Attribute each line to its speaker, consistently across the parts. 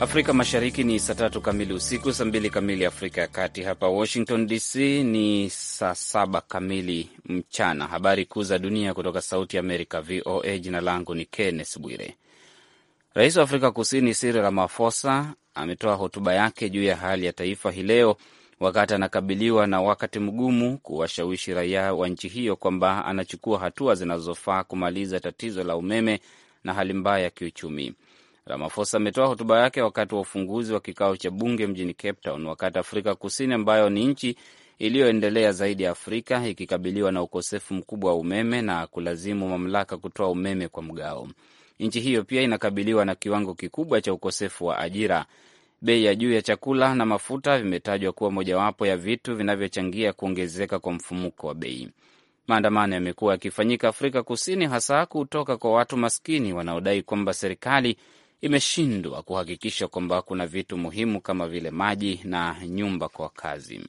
Speaker 1: Afrika Mashariki ni saa tatu kamili usiku, saa mbili kamili Afrika ya Kati. Hapa Washington DC ni saa saba kamili mchana. Habari kuu za dunia kutoka Sauti ya Amerika, VOA. Jina langu ni Kenneth Bwire. Rais wa Afrika Kusini Cyril Ramaphosa ametoa hotuba yake juu ya hali ya taifa hii leo wakati anakabiliwa na wakati mgumu kuwashawishi raia wa nchi hiyo kwamba anachukua hatua zinazofaa kumaliza tatizo la umeme na hali mbaya ya kiuchumi ramafosa ametoa hotuba yake wakati wa ufunguzi wa kikao cha bunge mjini Cape Town, wakati Afrika Kusini ambayo ni nchi iliyoendelea zaidi ya Afrika ikikabiliwa na ukosefu mkubwa wa umeme na kulazimu mamlaka kutoa umeme kwa mgao. Nchi hiyo pia inakabiliwa na kiwango kikubwa cha ukosefu wa ajira. Bei ya juu ya chakula na mafuta vimetajwa kuwa mojawapo ya vitu vinavyochangia kuongezeka kwa mfumuko wa bei. Maandamano yamekuwa yakifanyika Afrika Kusini, hasa kutoka kwa watu maskini wanaodai kwamba serikali imeshindwa kuhakikisha kwamba kuna vitu muhimu kama vile maji na nyumba kwa wakazi.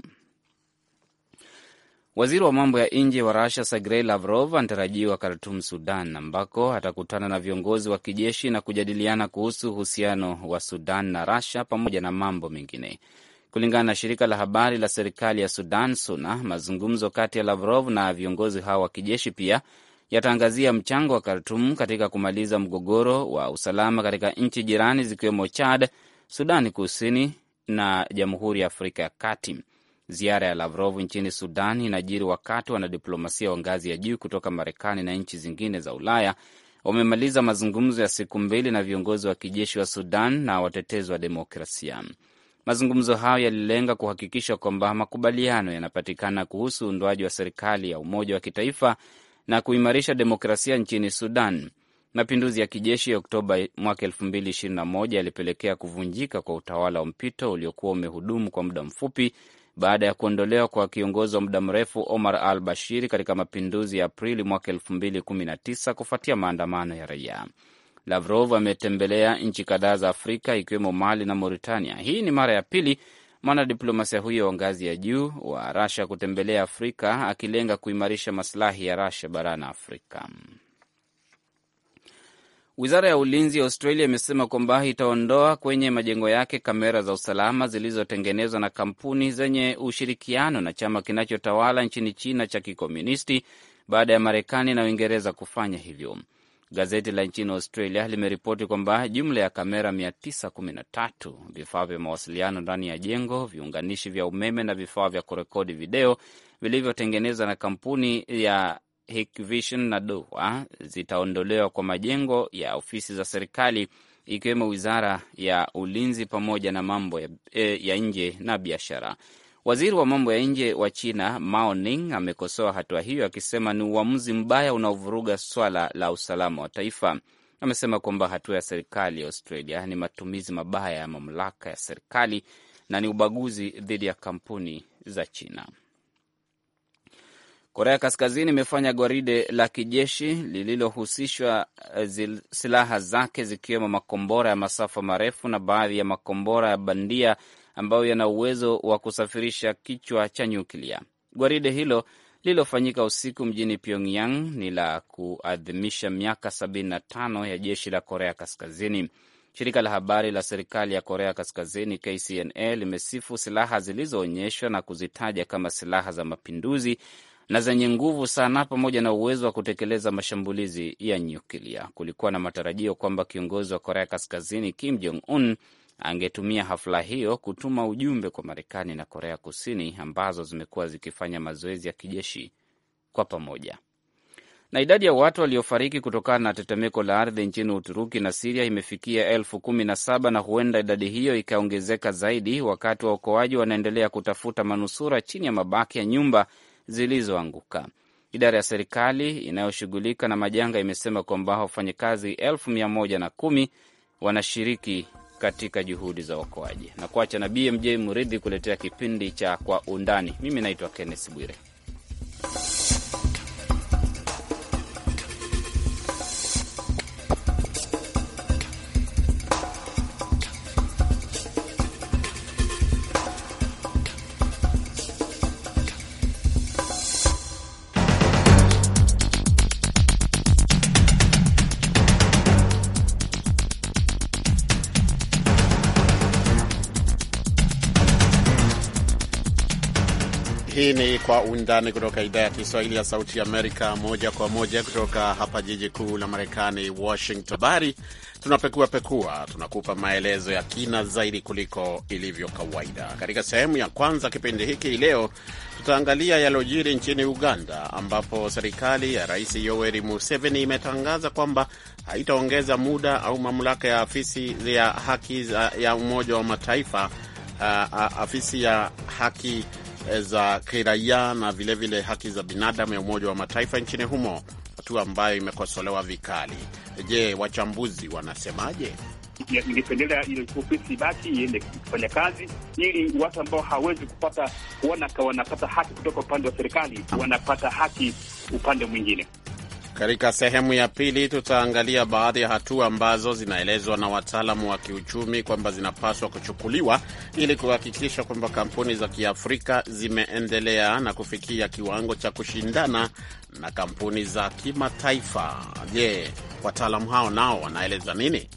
Speaker 1: Waziri wa mambo ya nje wa Rusia Sergei Lavrov anatarajiwa Khartum, Sudan, ambako atakutana na viongozi wa kijeshi na kujadiliana kuhusu uhusiano wa Sudan na Rusia pamoja na mambo mengine. Kulingana na shirika la habari la serikali ya Sudan, SUNA, mazungumzo kati ya Lavrov na viongozi hao wa kijeshi pia yataangazia mchango wa Khartum katika kumaliza mgogoro wa usalama katika nchi jirani zikiwemo Chad, Sudani Kusini na Jamhuri ya Afrika ya Kati. Ziara ya Lavrov nchini Sudan inajiri wakati wanadiplomasia wa ngazi ya juu kutoka Marekani na nchi zingine za Ulaya wamemaliza mazungumzo ya siku mbili na viongozi wa kijeshi wa Sudan na watetezi wa demokrasia. Mazungumzo hayo yalilenga kuhakikisha kwamba makubaliano yanapatikana kuhusu uundwaji wa serikali ya umoja wa kitaifa na kuimarisha demokrasia nchini Sudan. Mapinduzi ya kijeshi ya Oktoba mwaka 2021 yalipelekea kuvunjika kwa utawala wa mpito uliokuwa umehudumu kwa muda mfupi baada ya kuondolewa kwa kiongozi wa muda mrefu Omar al Bashir katika mapinduzi ya Aprili mwaka 2019 kufuatia maandamano ya raia. Lavrov ametembelea nchi kadhaa za Afrika ikiwemo Mali na Mauritania. Hii ni mara ya pili mwanadiplomasia huyo wa ngazi ya juu wa Rasha kutembelea Afrika akilenga kuimarisha masilahi ya Rasha barani Afrika. Wizara ya ulinzi ya Australia imesema kwamba itaondoa kwenye majengo yake kamera za usalama zilizotengenezwa na kampuni zenye ushirikiano na chama kinachotawala nchini China cha Kikomunisti baada ya Marekani na Uingereza kufanya hivyo. Gazeti la nchini Australia limeripoti kwamba jumla ya kamera 913, vifaa vya mawasiliano ndani ya jengo, viunganishi vya umeme na vifaa vya kurekodi video vilivyotengenezwa na kampuni ya Hikvision na Doowa zitaondolewa kwa majengo ya ofisi za serikali ikiwemo wizara ya ulinzi pamoja na mambo ya, eh, ya nje na biashara. Waziri wa mambo ya nje wa China Mao Ning amekosoa hatua hiyo akisema ni uamuzi mbaya unaovuruga swala la usalama wa taifa. Amesema kwamba hatua ya serikali ya Australia ni matumizi mabaya ya mamlaka ya serikali na ni ubaguzi dhidi ya kampuni za China. Korea Kaskazini imefanya gwaride la kijeshi lililohusishwa eh, silaha zake zikiwemo makombora ya masafa marefu na baadhi ya makombora ya bandia ambayo yana uwezo wa kusafirisha kichwa cha nyuklia. Gwaride hilo lililofanyika usiku mjini Pyongyang ni la kuadhimisha miaka 75 ya jeshi la Korea Kaskazini. Shirika la habari la serikali ya Korea Kaskazini KCNA limesifu silaha zilizoonyeshwa na kuzitaja kama silaha za mapinduzi na zenye nguvu sana, pamoja na uwezo wa kutekeleza mashambulizi ya nyuklia. Kulikuwa na matarajio kwamba kiongozi wa Korea Kaskazini Kim Jong Un angetumia hafla hiyo kutuma ujumbe kwa Marekani na Korea Kusini ambazo zimekuwa zikifanya mazoezi ya kijeshi kwa pamoja. Na idadi ya watu waliofariki kutokana na tetemeko la ardhi nchini Uturuki na Siria imefikia elfu kumi na saba na huenda idadi hiyo ikaongezeka zaidi, wakati waokoaji wanaendelea kutafuta manusura chini ya mabaki ya nyumba zilizoanguka. Idara ya serikali inayoshughulika na majanga imesema kwamba wafanyakazi elfu mia moja na kumi wanashiriki katika juhudi za uokoaji. Na kuacha na BMJ Muridhi kuletea kipindi cha Kwa Undani. Mimi naitwa Kenneth Bwire.
Speaker 2: Kwa Undani kutoka idhaa ya Kiswahili ya Sauti ya Amerika, moja kwa moja kutoka hapa jiji kuu la Marekani, Washington. Habari tunapekua pekua, tunakupa maelezo ya kina zaidi kuliko ilivyo kawaida. Katika sehemu ya kwanza kipindi hiki leo tutaangalia yalojiri nchini Uganda, ambapo serikali ya Rais Yoweri Museveni imetangaza kwamba haitaongeza muda au mamlaka ya afisi ya haki ya Umoja wa Mataifa, uh, uh, afisi ya haki Eh, za kiraia na vilevile haki za binadamu ya Umoja wa Mataifa nchini humo, hatua ambayo imekosolewa vikali. Je, wachambuzi wanasemaje?
Speaker 3: Ingependelea ile ofisi ibaki iende kufanya kazi, ili watu ambao hawezi kupata kuona wanapata haki kutoka upande wa serikali ah. wanapata haki
Speaker 2: upande mwingine. Katika sehemu ya pili tutaangalia baadhi ya hatua ambazo zinaelezwa na wataalamu wa kiuchumi kwamba zinapaswa kuchukuliwa ili kuhakikisha kwamba kampuni za Kiafrika zimeendelea na kufikia kiwango cha kushindana na kampuni za kimataifa. Je, wataalamu hao nao wanaeleza nini?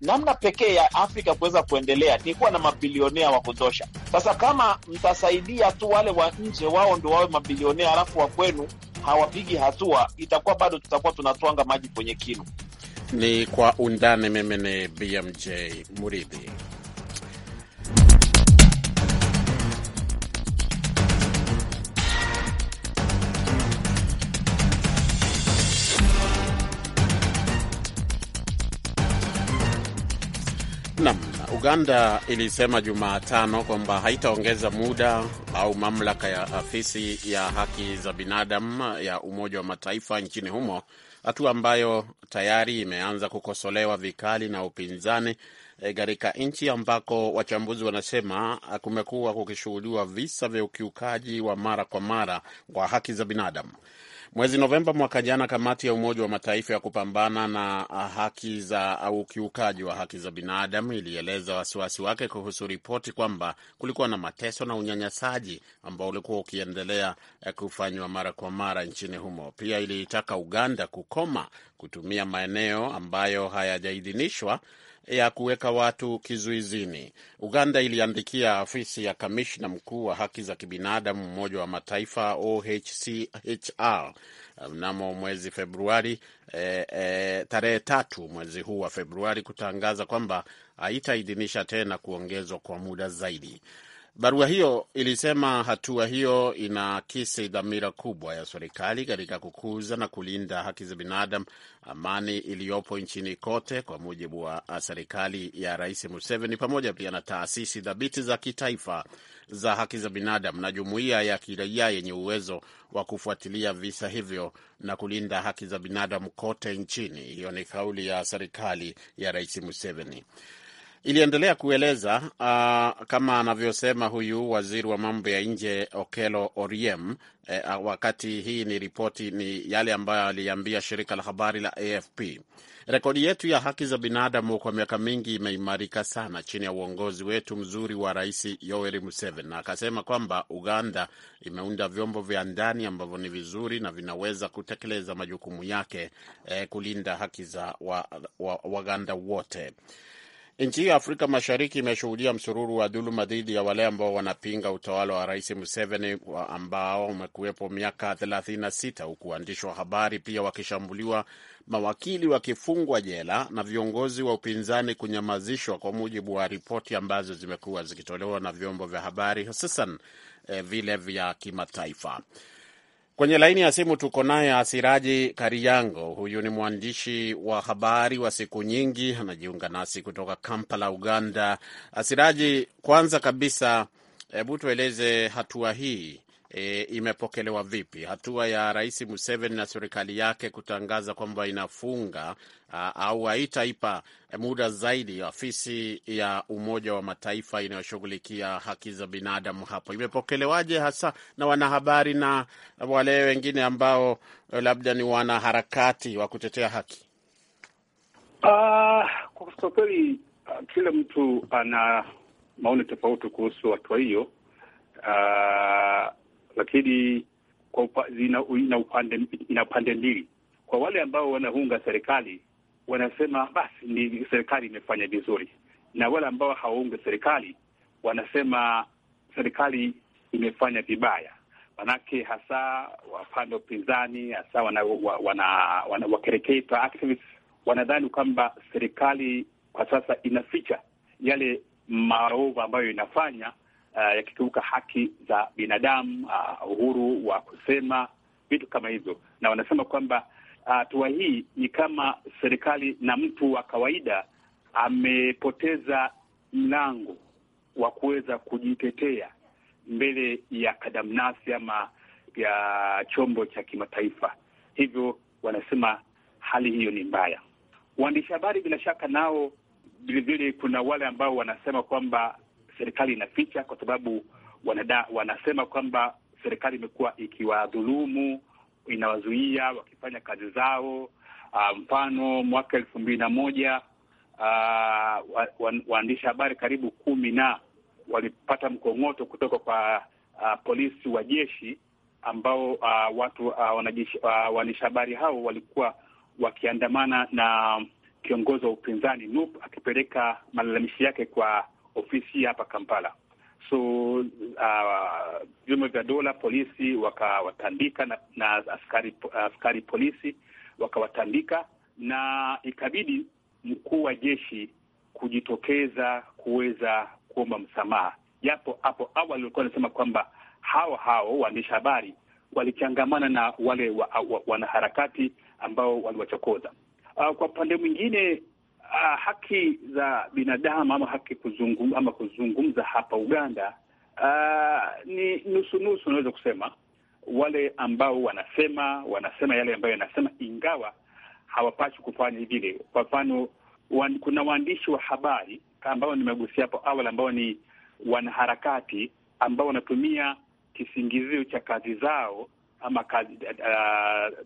Speaker 4: Namna pekee ya Afrika kuweza kuendelea ni kuwa na mabilionea wa kutosha. Sasa kama mtasaidia tu wale wa nje, wao ndo wawe mabilionea, halafu wa kwenu hawapigi hatua, itakuwa bado tutakuwa tunatwanga maji kwenye kinu.
Speaker 2: Ni kwa undani. Mimi ni BMJ Muridhi. Uganda ilisema Jumatano kwamba haitaongeza muda au mamlaka ya afisi ya haki za binadamu ya Umoja wa Mataifa nchini humo, hatua ambayo tayari imeanza kukosolewa vikali na upinzani eh, katika e, nchi ambako wachambuzi wanasema eh, kumekuwa kukishuhudiwa visa vya ukiukaji wa mara kwa mara kwa haki za binadamu. Mwezi Novemba mwaka jana, kamati ya Umoja wa Mataifa ya kupambana na haki za au ukiukaji wa haki za binadamu ilieleza wasiwasi wake kuhusu ripoti kwamba kulikuwa na mateso na unyanyasaji ambao ulikuwa ukiendelea eh, kufanywa mara kwa mara nchini humo. Pia iliitaka Uganda kukoma kutumia maeneo ambayo hayajaidhinishwa ya kuweka watu kizuizini. Uganda iliandikia afisi ya kamishna mkuu wa haki za kibinadamu Umoja wa Mataifa OHCHR mnamo mwezi Februari e, e, tarehe tatu mwezi huu wa Februari kutangaza kwamba haitaidhinisha tena kuongezwa kwa muda zaidi. Barua hiyo ilisema hatua hiyo inaakisi dhamira kubwa ya serikali katika kukuza na kulinda haki za binadamu, amani iliyopo nchini kote, kwa mujibu wa serikali ya Rais Museveni, pamoja pia na taasisi dhabiti za kitaifa za haki za binadamu na jumuiya ya kiraia yenye uwezo wa kufuatilia visa hivyo na kulinda haki za binadamu kote nchini. Hiyo ni kauli ya serikali ya Rais Museveni iliendelea kueleza uh, kama anavyosema huyu waziri wa mambo ya nje Okelo Oriem eh, ah, wakati hii ni ripoti ni yale ambayo aliambia shirika la habari la AFP. Rekodi yetu ya haki za binadamu kwa miaka mingi imeimarika sana chini ya uongozi wetu mzuri wa Rais Yoweri Museveni, na akasema kwamba Uganda imeunda vyombo vya ndani ambavyo ni vizuri na vinaweza kutekeleza majukumu yake eh, kulinda haki za Waganda wa, wa wote. Nchi hiyo Afrika Mashariki imeshuhudia msururu wa dhuluma dhidi ya wale ambao wanapinga utawala wa Rais Museveni ambao umekuwepo miaka 36 huku waandishi wa habari pia wakishambuliwa, mawakili wakifungwa jela na viongozi wa upinzani kunyamazishwa, kwa mujibu wa ripoti ambazo zimekuwa zikitolewa na vyombo vya habari hususan eh, vile vya kimataifa. Kwenye laini ya simu tuko naye Asiraji Kariango. Huyu ni mwandishi wa habari wa siku nyingi, anajiunga nasi kutoka Kampala, Uganda. Asiraji, kwanza kabisa, hebu tueleze hatua hii e, imepokelewa vipi hatua ya Rais Museveni na serikali yake kutangaza kwamba inafunga a, au haitaipa muda zaidi ofisi ya Umoja wa Mataifa inayoshughulikia haki za binadamu hapo imepokelewaje hasa na wanahabari na wale wengine ambao e, labda ni wanaharakati wa kutetea haki?
Speaker 3: Uh, kweli uh, kila mtu ana maoni tofauti kuhusu hatua hiyo. Uh, lakini kwa upa, zina, ina upande ina pande mbili. Kwa wale ambao wanaunga serikali wanasema basi ni serikali imefanya vizuri, na wale ambao hawaunge serikali wanasema serikali imefanya vibaya. Manake hasa wapande wa upinzani hasa wakereketa wana, wana, wana, activists wanadhani kwamba serikali kwa sasa inaficha yale maovu ambayo inafanya uh, eh, yakikiuka haki za binadamu uh, uhuru wa kusema vitu kama hivyo, na wanasema kwamba eh, hatua uh, hii ni kama serikali na mtu wa kawaida amepoteza mlango wa kuweza kujitetea mbele ya kadamnasi ama ya chombo cha kimataifa. Hivyo wanasema hali hiyo ni mbaya. Waandishi habari bila shaka nao vilevile, kuna wale ambao wanasema kwamba serikali inaficha, kwa sababu wanada, wanasema kwamba serikali imekuwa ikiwadhulumu, inawazuia wakifanya kazi zao. Ah, mfano, mwaka elfu mbili na moja ah, waandishi habari karibu kumi na walipata mkong'oto kutoka kwa uh, polisi wa jeshi ambao uh, watu uh, waandishi habari hao walikuwa wakiandamana na kiongozi wa upinzani NUP akipeleka malalamishi yake kwa ofisi hapa Kampala. So uh, vyombo uh, vya dola, polisi wakawatandika na, na askari, askari polisi wakawatandika, na ikabidi mkuu wa jeshi kujitokeza kuweza kuomba msamaha, japo hapo awali walikuwa wanasema kwamba hao hao waandishi habari walichangamana na wale wa, wa, wanaharakati ambao waliwachokoza. Uh, kwa upande mwingine Uh, haki za binadamu ama haki kuzungum, ama kuzungumza hapa Uganda uh, ni nusu nusu, unaweza kusema wale ambao wanasema wanasema yale ambayo yanasema, ingawa hawapaswi kufanya vile. Kwa mfano wan, kuna waandishi wa habari ambao nimegusia hapo awali ambao ni wanaharakati ambao wanatumia kisingizio cha kazi zao ama kazi, uh,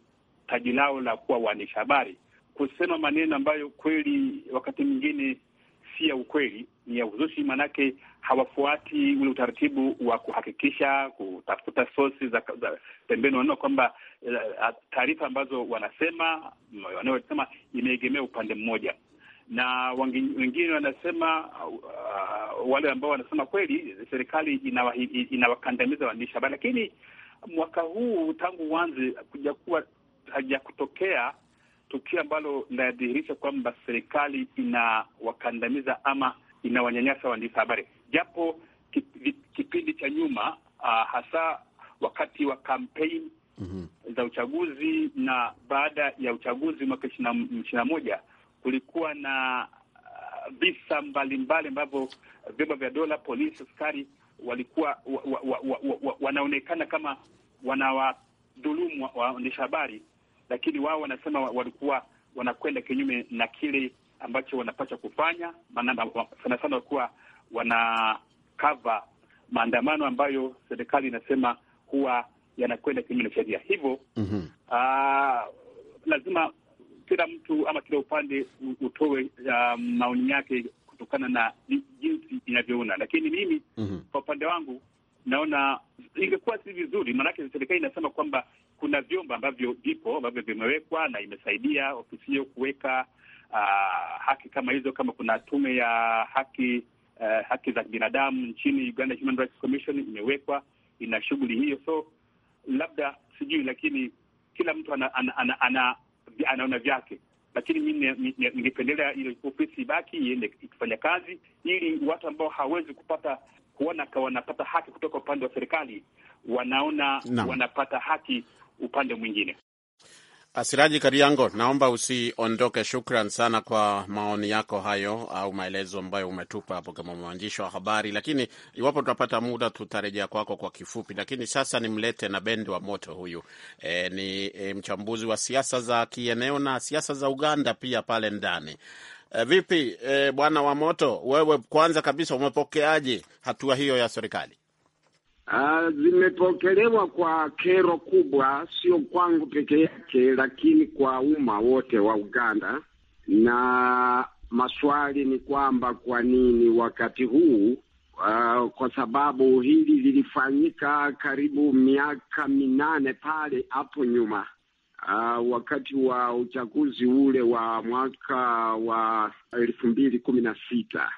Speaker 3: taji lao la kuwa waandishi habari kusema maneno ambayo kweli wakati mwingine si ya ukweli, ni ya uzushi, maanake hawafuati ule utaratibu wa kuhakikisha, kutafuta sosi za pembeni. Wanaona kwamba eh, ah, taarifa ambazo wanasema wanayosema imeegemea upande mmoja, na wengine wanasema uh, wale ambao wanasema kweli serikali inawakandamiza waandishi habari, lakini mwaka huu tangu uanze kuja hajakutokea tukio ambalo linadhihirisha kwamba serikali inawakandamiza ama inawanyanyasa waandishi habari, japo kipindi cha nyuma uh, hasa wakati wa kampeni mm -hmm. za uchaguzi na baada ya uchaguzi mwaka ishirini na moja kulikuwa na ah, visa mbalimbali ambavyo vyombo vya dola, polisi, askari walikuwa wa, wa, wa, wa, wa, wanaonekana kama wanawadhulumu waandishi habari lakini wao wanasema walikuwa wanakwenda kinyume na kile ambacho wanapaswa kufanya. Maana sana sana walikuwa wana cover maandamano ambayo serikali inasema huwa yanakwenda kinyume na sheria, hivyo mm -hmm. Uh, lazima kila mtu ama kila upande utoe uh, maoni yake kutokana na jinsi inavyoona, lakini mimi mm -hmm. kwa upande wangu naona ingekuwa si vizuri, maanake serikali inasema kwamba kuna vyombo ambavyo vipo ambavyo vimewekwa na imesaidia ofisi hiyo kuweka uh, haki kama hizo. Kama kuna tume ya haki uh, haki za binadamu nchini Uganda, Human Rights Commission imewekwa, ina shughuli hiyo. So labda sijui, lakini kila mtu ana, ana, ana, ana, anaona vyake, lakini mi ningependelea ile ofisi ibaki iende ikifanya kazi, ili watu ambao hawezi kupata kuona wanapata haki kutoka upande wa serikali wanaona no. wanapata haki upande mwingine.
Speaker 2: Asiraji Kariango, naomba usiondoke. Shukran sana kwa maoni yako hayo au maelezo ambayo umetupa hapo kama mwandishi wa habari, lakini iwapo tutapata muda tutarejea kwako kwa kifupi. Lakini sasa nimlete na bendi wa moto huyu e, ni e, mchambuzi wa siasa za kieneo na siasa za Uganda pia pale ndani. E, vipi e, bwana wa moto, wewe kwanza kabisa umepokeaje hatua hiyo ya serikali?
Speaker 5: Ah, zimepokelewa kwa kero kubwa, sio kwangu peke yake, lakini kwa umma wote wa Uganda. Na maswali ni kwamba kwa nini wakati huu? Uh, kwa sababu hili lilifanyika karibu miaka minane pale hapo nyuma, uh, wakati wa uchaguzi ule wa mwaka wa elfu mbili kumi na sita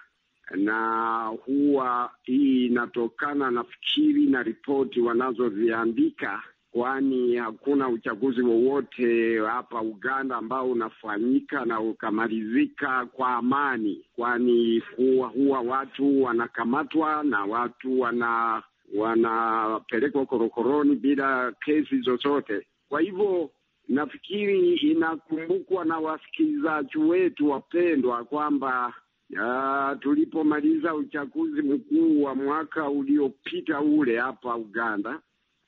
Speaker 5: na huwa hii inatokana nafikiri na ripoti wanazoziandika, kwani hakuna uchaguzi wowote hapa Uganda ambao unafanyika na ukamalizika kwa amani, kwani huwa, huwa watu wanakamatwa na watu wana wanapelekwa korokoroni bila kesi zozote. Kwa hivyo nafikiri inakumbukwa na wasikilizaji wetu wapendwa kwamba ya tulipomaliza uchaguzi mkuu wa mwaka uliopita ule hapa Uganda,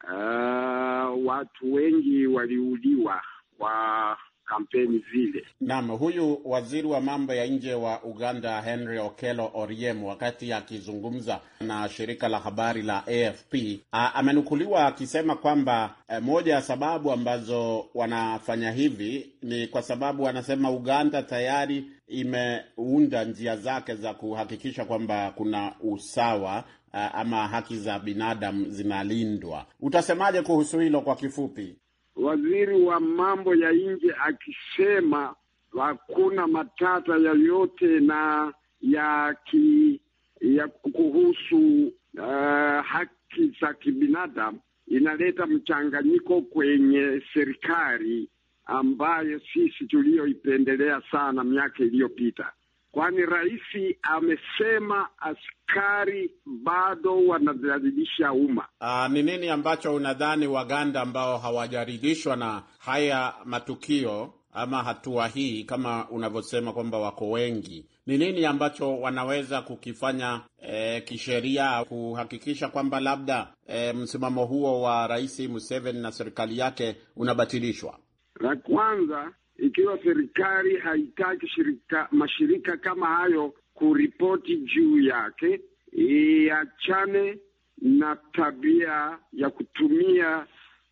Speaker 5: uh, watu wengi waliuliwa
Speaker 2: kwa kampeni zile. Naam, huyu waziri wa mambo ya nje wa Uganda Henry Okello Oryem, wakati akizungumza na shirika la habari la AFP, amenukuliwa akisema kwamba e, moja ya sababu ambazo wanafanya hivi ni kwa sababu anasema Uganda tayari imeunda njia zake za kuhakikisha kwamba kuna usawa eh, ama haki za binadamu zinalindwa. Utasemaje kuhusu hilo kwa kifupi?
Speaker 5: waziri wa mambo
Speaker 2: ya nje akisema hakuna matata yoyote
Speaker 5: na ya ki, ya kuhusu uh, haki za kibinadamu, inaleta mchanganyiko kwenye serikali ambayo sisi tuliyoipendelea sana miaka iliyopita kwani rais amesema askari bado wanadhalilisha umma.
Speaker 2: Ah, ni nini ambacho unadhani Waganda ambao hawajaridhishwa na haya matukio ama hatua hii, kama unavyosema kwamba wako wengi, ni nini ambacho wanaweza kukifanya e, kisheria kuhakikisha kwamba labda e, msimamo huo wa Rais Museveni na serikali yake unabatilishwa?
Speaker 5: La kwanza ikiwa serikali haitaki shirika, mashirika kama hayo kuripoti juu yake, iachane na tabia ya kutumia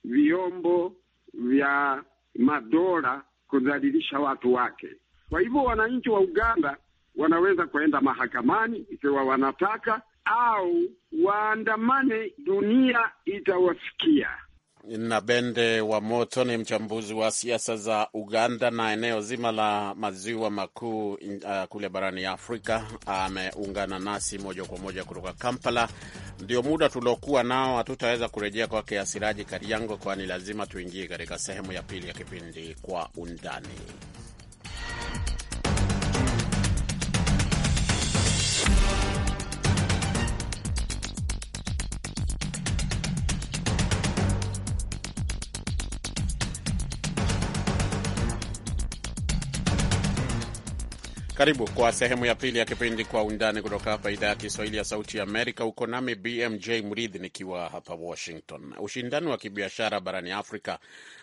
Speaker 5: vyombo vya madola kudhalilisha watu wake. Kwa hivyo wananchi wa Uganda wanaweza kuenda mahakamani ikiwa wanataka, au waandamane, dunia itawasikia
Speaker 2: na Bende wa Moto ni mchambuzi wa siasa za Uganda na eneo zima la maziwa makuu uh, kule barani ya Afrika. Ameungana uh, nasi moja kwa moja kutoka Kampala. Ndio muda tuliokuwa nao, hatutaweza kurejea kwake Asiraji Kariango, kwani lazima tuingie katika sehemu ya pili ya kipindi Kwa Undani. Karibu kwa sehemu ya pili ya kipindi Kwa Undani kutoka hapa idhaa ya Kiswahili ya Sauti Amerika. Uko nami BMJ Mridhi nikiwa hapa Washington. Ushindani wa kibiashara barani Afrika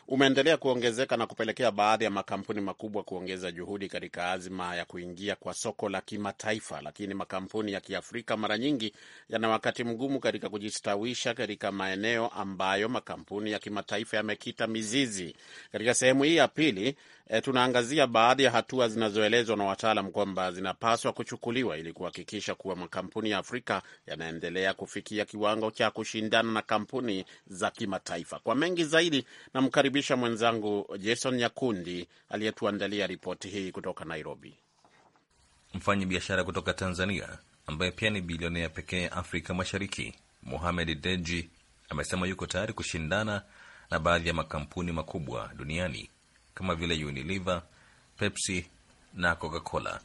Speaker 2: umeendelea kuongezeka na kupelekea baadhi ya makampuni makubwa kuongeza juhudi katika azima ya kuingia kwa soko la kimataifa, lakini makampuni ya Kiafrika mara nyingi yana wakati mgumu katika kujistawisha katika maeneo ambayo makampuni ya kimataifa yamekita mizizi. Katika sehemu hii ya pili e, tunaangazia baadhi ya hatua zinazoelezwa na wataalam kwamba zinapaswa kuchukuliwa ili kuhakikisha kuwa makampuni ya Afrika yanaendelea kufikia kiwango cha kushindana na kampuni za kimataifa. Kwa mengi zaidi, namkaribisha mwenzangu Jason Nyakundi aliyetuandalia ripoti hii kutoka Nairobi.
Speaker 6: Mfanyabiashara kutoka Tanzania ambaye pia ni bilionea pekee ya Afrika Mashariki, Mohamed Deji amesema yuko tayari kushindana na baadhi ya makampuni makubwa duniani kama vile Unilever, Pepsi na Coca-Cola.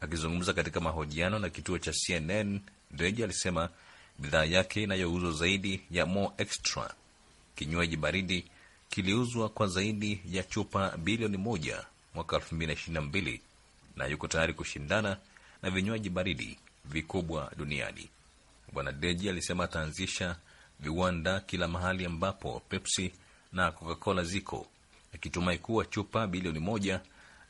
Speaker 6: Akizungumza katika mahojiano na kituo cha CNN, Drege alisema bidhaa yake inayouzwa zaidi ya Mo Extra, kinywaji baridi, kiliuzwa kwa zaidi ya chupa bilioni moja mwaka 2022 na yuko tayari kushindana na vinywaji baridi vikubwa duniani. Bwana Deji alisema ataanzisha viwanda kila mahali ambapo Pepsi na Coca-Cola ziko akitumai kuwa chupa bilioni moja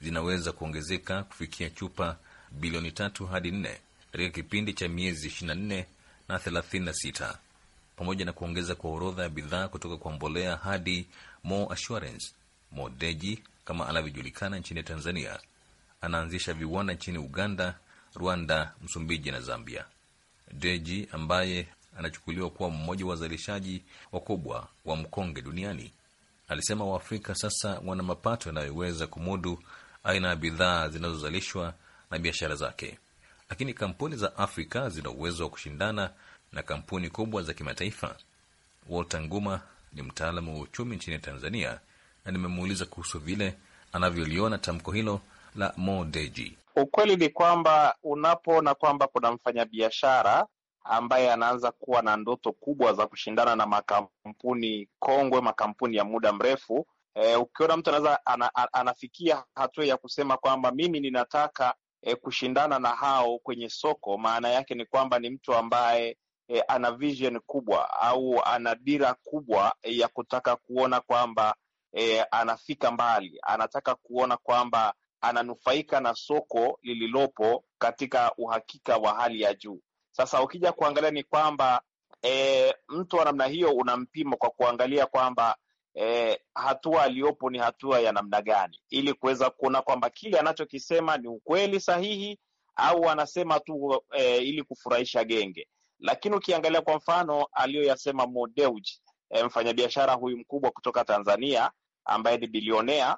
Speaker 6: zinaweza kuongezeka kufikia chupa bilioni tatu hadi nne katika kipindi cha miezi 24 na 36 pamoja na kuongeza kwa orodha ya bidhaa kutoka kwa mbolea hadi Mo Assurance. Mo Deji kama anavyojulikana nchini Tanzania anaanzisha viwanda nchini Uganda, Rwanda, Msumbiji na Zambia. Deji ambaye anachukuliwa kuwa mmoja wa wazalishaji wakubwa wa mkonge duniani Alisema Waafrika sasa wana mapato yanayoweza kumudu aina ya bidhaa zinazozalishwa na biashara zake, lakini kampuni za Afrika zina uwezo wa kushindana na kampuni kubwa za kimataifa. Walter Nguma ni mtaalamu wa uchumi nchini Tanzania na nimemuuliza kuhusu vile anavyoliona tamko hilo la Mo
Speaker 4: Ukweli ni kwamba unapoona kwamba kuna mfanyabiashara ambaye anaanza kuwa na ndoto kubwa za kushindana na makampuni kongwe, makampuni ya muda mrefu. E, ukiona mtu anaweza ana, anafikia hatua ya kusema kwamba mimi ninataka e, kushindana na hao kwenye soko, maana yake ni kwamba ni mtu ambaye e, ana vision kubwa au ana dira kubwa e, ya kutaka kuona kwamba e, anafika mbali, anataka kuona kwamba ananufaika na soko lililopo katika uhakika wa hali ya juu. Sasa ukija kuangalia ni kwamba e, mtu wa namna hiyo unampima kwa kuangalia kwamba e, hatua aliyopo ni hatua ya namna gani, ili kuweza kuona kwamba kile anachokisema ni ukweli sahihi au anasema tu e, ili kufurahisha genge. Lakini ukiangalia kwa mfano aliyoyasema Mo Dewji, e, mfanyabiashara huyu mkubwa kutoka Tanzania ambaye ni bilionea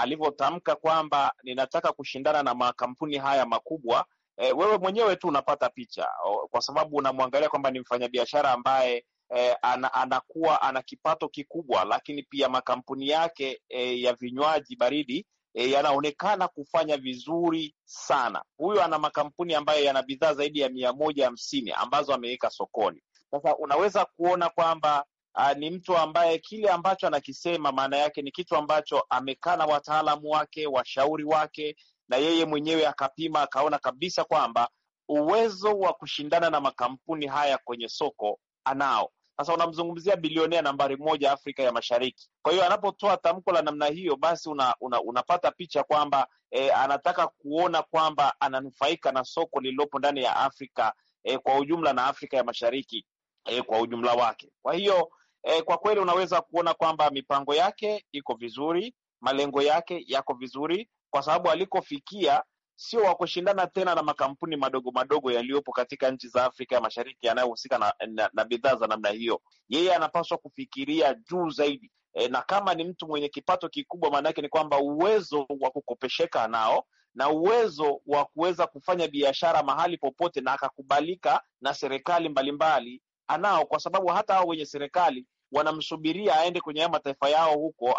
Speaker 4: alivyotamka kwamba ninataka kushindana na makampuni haya makubwa e, wewe mwenyewe tu unapata picha o, kwa sababu unamwangalia kwamba ni mfanyabiashara ambaye E, ana, anakuwa ana kipato kikubwa, lakini pia makampuni yake e, ya vinywaji baridi e, yanaonekana kufanya vizuri sana. Huyu ana makampuni ambayo yana bidhaa zaidi ya mia moja hamsini ambazo ameweka sokoni. Sasa unaweza kuona kwamba ah, ni mtu ambaye kile ambacho anakisema maana yake ni kitu ambacho amekaa na wataalamu wake, washauri wake na yeye mwenyewe akapima akaona kabisa kwamba uwezo wa kushindana na makampuni haya kwenye soko anao. Sasa unamzungumzia bilionea nambari moja Afrika ya Mashariki. Kwa hiyo anapotoa tamko la namna hiyo, basi una, una, unapata picha kwamba e, anataka kuona kwamba ananufaika na soko lililopo ndani ya Afrika e, kwa ujumla na Afrika ya Mashariki e, kwa ujumla wake. Kwa hiyo e, kwa kweli unaweza kuona kwamba mipango yake iko vizuri, malengo yake yako vizuri, kwa sababu alikofikia sio wa kushindana tena na makampuni madogo madogo yaliyopo katika nchi za Afrika ya Mashariki yanayohusika na, na, na bidhaa za namna hiyo. Yeye anapaswa kufikiria juu zaidi e, na kama ni mtu mwenye kipato kikubwa, maana yake ni kwamba uwezo wa kukopesheka nao na uwezo wa kuweza kufanya biashara mahali popote na akakubalika na serikali mbalimbali anao, kwa sababu hata hao wenye serikali wanamsubiria aende kwenye haya mataifa yao huko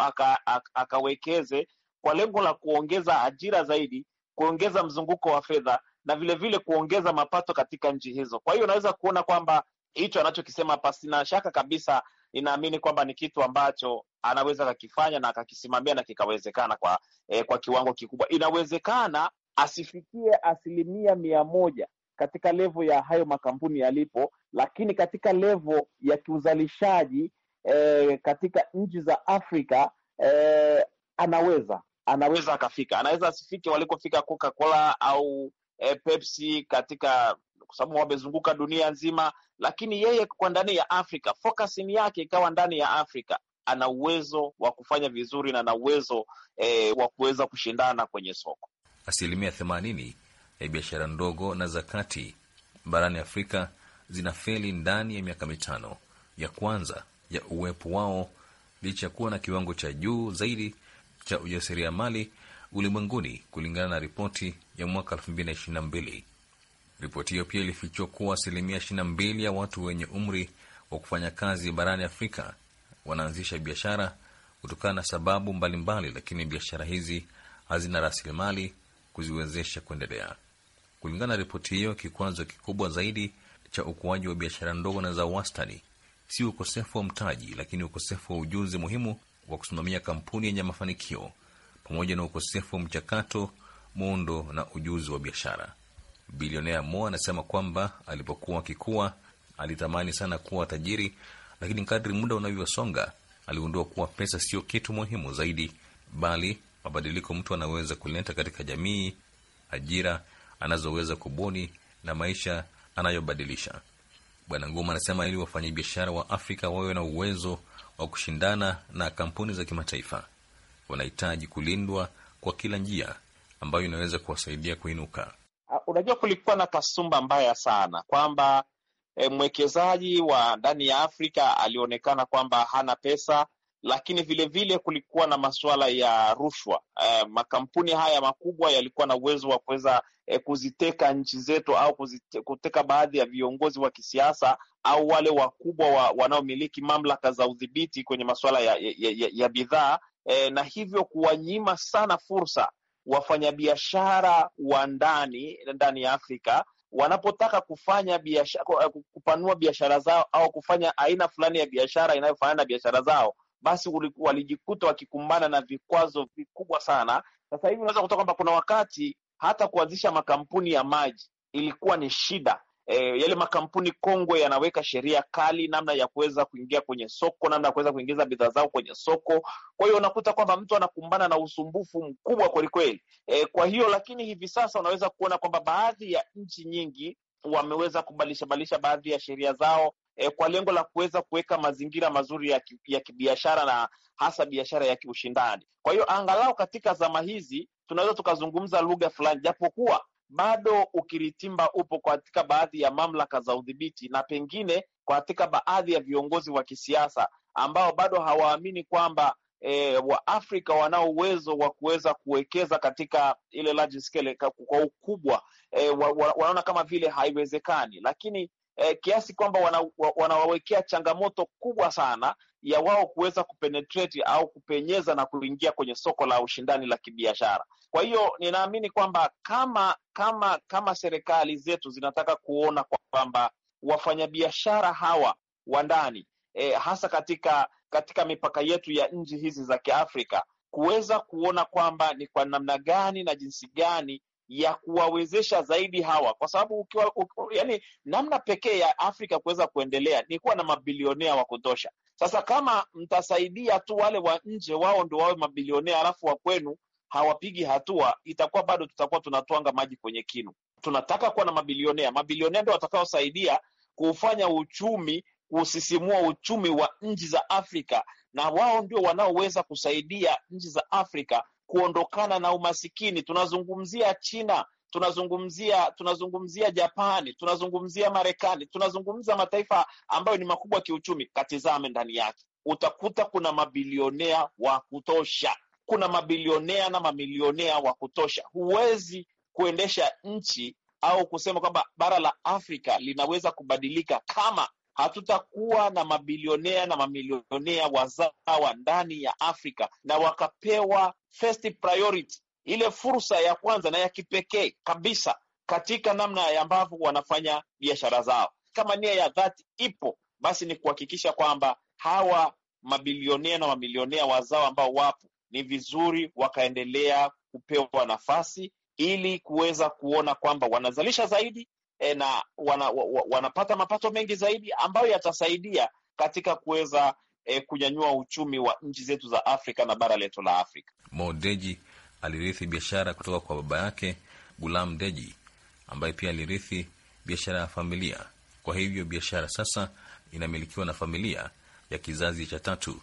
Speaker 4: akawekeze aka kwa lengo la kuongeza ajira zaidi, kuongeza mzunguko wa fedha na vilevile vile kuongeza mapato katika nchi hizo. Kwa hiyo unaweza kuona kwamba hicho anachokisema hapa, sina shaka kabisa, ninaamini kwamba ni kitu ambacho anaweza akakifanya na akakisimamia na kikawezekana kwa eh, kwa kiwango kikubwa. Inawezekana asifikie asilimia mia moja katika levo ya hayo makampuni yalipo, lakini katika levo ya kiuzalishaji eh, katika nchi za Afrika eh, anaweza anaweza akafika, anaweza asifike walikofika Coca-Cola au eh, Pepsi katika kwa sababu wamezunguka dunia nzima, lakini yeye kwa ndani ya Afrika, focusing yake ikawa ndani ya Afrika, ana uwezo wa kufanya vizuri na ana uwezo eh, wa kuweza kushindana kwenye soko.
Speaker 6: Asilimia themanini ya biashara ndogo na za kati barani Afrika zinafeli ndani ya miaka mitano ya kwanza ya uwepo wao licha ya kuwa na kiwango cha juu zaidi cha ujasiriamali ulimwenguni kulingana na ripoti ya mwaka 2022. Ripoti hiyo pia ilifichua kuwa asilimia 22 ya watu wenye umri wa kufanya kazi barani Afrika wanaanzisha biashara kutokana na sababu mbalimbali mbali, lakini biashara hizi hazina rasilimali kuziwezesha kuendelea. Kulingana na ripoti hiyo, kikwazo kikubwa zaidi cha ukuaji wa biashara ndogo na za wastani si ukosefu wa mtaji, lakini ukosefu wa ujuzi muhimu wa kusimamia kampuni yenye mafanikio pamoja na ukosefu wa mchakato, muundo na ujuzi wa biashara. Bilionea Mo anasema kwamba alipokuwa akikua alitamani sana kuwa tajiri, lakini kadri muda unavyosonga aligundua kuwa pesa sio kitu muhimu zaidi, bali mabadiliko mtu anaweza kuleta katika jamii, ajira anazoweza kubuni na maisha anayobadilisha. Bwana Nguma anasema ili wafanyabiashara wa Afrika wawe na uwezo wa kushindana na kampuni za kimataifa, wanahitaji kulindwa kwa kila njia ambayo inaweza kuwasaidia kuinuka.
Speaker 4: Ah, unajua, kulikuwa na kasumba mbaya sana kwamba e, mwekezaji wa ndani ya Afrika alionekana kwamba hana pesa, lakini vilevile vile kulikuwa na masuala ya rushwa. E, makampuni haya makubwa yalikuwa na uwezo wa kuweza e, kuziteka nchi zetu au kuziteka, kuteka baadhi ya viongozi wa kisiasa au wale wakubwa wa, wanaomiliki mamlaka za udhibiti kwenye masuala ya, ya, ya, ya bidhaa e, na hivyo kuwanyima sana fursa wafanyabiashara wa ndani ndani ya Afrika wanapotaka kufanya biashara, eh, kupanua biashara zao au kufanya aina fulani ya biashara inayofanana na biashara zao, basi walijikuta wakikumbana na vikwazo vikubwa sana. Sasa hivi unaweza kutoka kwamba kuna wakati hata kuanzisha makampuni ya maji ilikuwa ni shida. E, yale makampuni kongwe yanaweka sheria kali namna ya kuweza kuingia kwenye soko, namna ya kuweza kuingiza bidhaa zao kwenye soko. Kwa hiyo unakuta kwamba mtu anakumbana na usumbufu mkubwa kwelikweli. E, kwa hiyo lakini hivi sasa unaweza kuona kwamba baadhi ya nchi nyingi wameweza kubadilisha badilisha baadhi ya sheria zao e, kwa lengo la kuweza kuweka mazingira mazuri ya, ki, ya kibiashara na hasa biashara ya kiushindani. Kwa hiyo angalau katika zama hizi tunaweza tukazungumza lugha fulani, japokuwa bado ukiritimba upo katika baadhi ya mamlaka za udhibiti na pengine katika baadhi ya viongozi wa kisiasa ambao bado hawaamini kwamba e, eh, Waafrika wanao uwezo wa kuweza kuwekeza katika ile large scale kwa ukubwa e, wa, wa, wanaona kama vile haiwezekani, lakini eh, kiasi kwamba wanawawekea wana changamoto kubwa sana ya wao kuweza kupenetrate au kupenyeza na kuingia kwenye soko la ushindani la kibiashara. Kwa hiyo ninaamini kwamba kama kama kama serikali zetu zinataka kuona kwamba wafanyabiashara hawa wa ndani eh, hasa katika katika mipaka yetu ya nchi hizi za Kiafrika kuweza kuona kwamba ni kwa namna gani na jinsi gani ya kuwawezesha zaidi hawa, kwa sababu ukiwa, ukiwa, yani namna pekee ya Afrika kuweza kuendelea ni kuwa na mabilionea wa kutosha. Sasa kama mtasaidia tu wale wa nje, wao ndio wawe mabilionea, alafu wa kwenu hawapigi hatua, itakuwa bado tutakuwa tunatwanga maji kwenye kinu. Tunataka kuwa na mabilionea. Mabilionea ndio watakaosaidia kufanya uchumi, kusisimua uchumi wa nchi za Afrika, na wao ndio wanaoweza kusaidia nchi za Afrika kuondokana na umasikini. Tunazungumzia China, tunazungumzia tunazungumzia Japani, tunazungumzia Marekani, tunazungumza mataifa ambayo ni makubwa kiuchumi. Katizame ndani yake, utakuta kuna mabilionea wa kutosha, kuna mabilionea na mamilionea wa kutosha. Huwezi kuendesha nchi au kusema kwamba bara la Afrika linaweza kubadilika kama hatutakuwa na mabilionea na mamilionea wazawa ndani ya Afrika na wakapewa first priority, ile fursa ya kwanza na ya kipekee kabisa katika namna ambavyo wanafanya biashara zao. Kama nia ya dhati ipo, basi ni kuhakikisha kwamba hawa mabilionea na mamilionea wazawa ambao wapo, ni vizuri wakaendelea kupewa nafasi ili kuweza kuona kwamba wanazalisha zaidi e, na wana, wana, wanapata mapato mengi zaidi ambayo yatasaidia katika kuweza e, kunyanyua uchumi wa nchi zetu za Afrika na bara letu la
Speaker 6: Afrika. Mo Deji alirithi biashara kutoka kwa baba yake Gulam Deji ambaye pia alirithi biashara ya familia. Kwa hivyo biashara sasa inamilikiwa na familia ya kizazi cha tatu.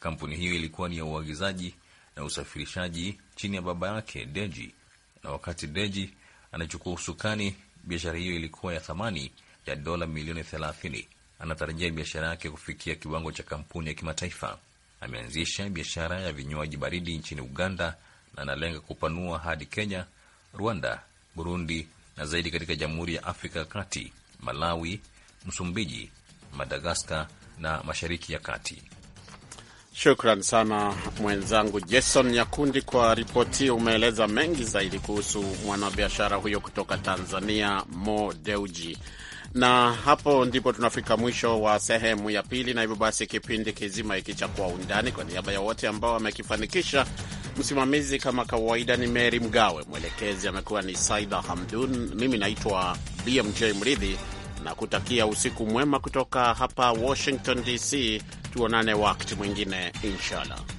Speaker 6: Kampuni hiyo ilikuwa ni ya uagizaji na usafirishaji chini ya baba yake Deji, na wakati Deji anachukua usukani biashara hiyo ilikuwa ya thamani ya dola milioni 30. Anatarajia biashara yake kufikia kiwango cha kampuni ya kimataifa. Ameanzisha biashara ya vinywaji baridi nchini Uganda na analenga kupanua hadi Kenya, Rwanda, Burundi na zaidi katika Jamhuri ya Afrika ya Kati, Malawi, Msumbiji, Madagaskar na Mashariki ya Kati.
Speaker 2: Shukran sana mwenzangu Jason Nyakundi kwa ripoti Umeeleza mengi zaidi kuhusu mwanabiashara huyo kutoka Tanzania, Mo Deuji. Na hapo ndipo tunafika mwisho wa sehemu ya pili, na hivyo basi kipindi kizima hiki cha Kwa Undani, kwa niaba ya wote ambao wamekifanikisha, msimamizi kama kawaida ni Meri Mgawe, mwelekezi amekuwa ni Saida Hamdun, mimi naitwa BMJ Mridhi na kutakia usiku mwema kutoka hapa Washington DC. Tuonane wakati mwingine inshallah.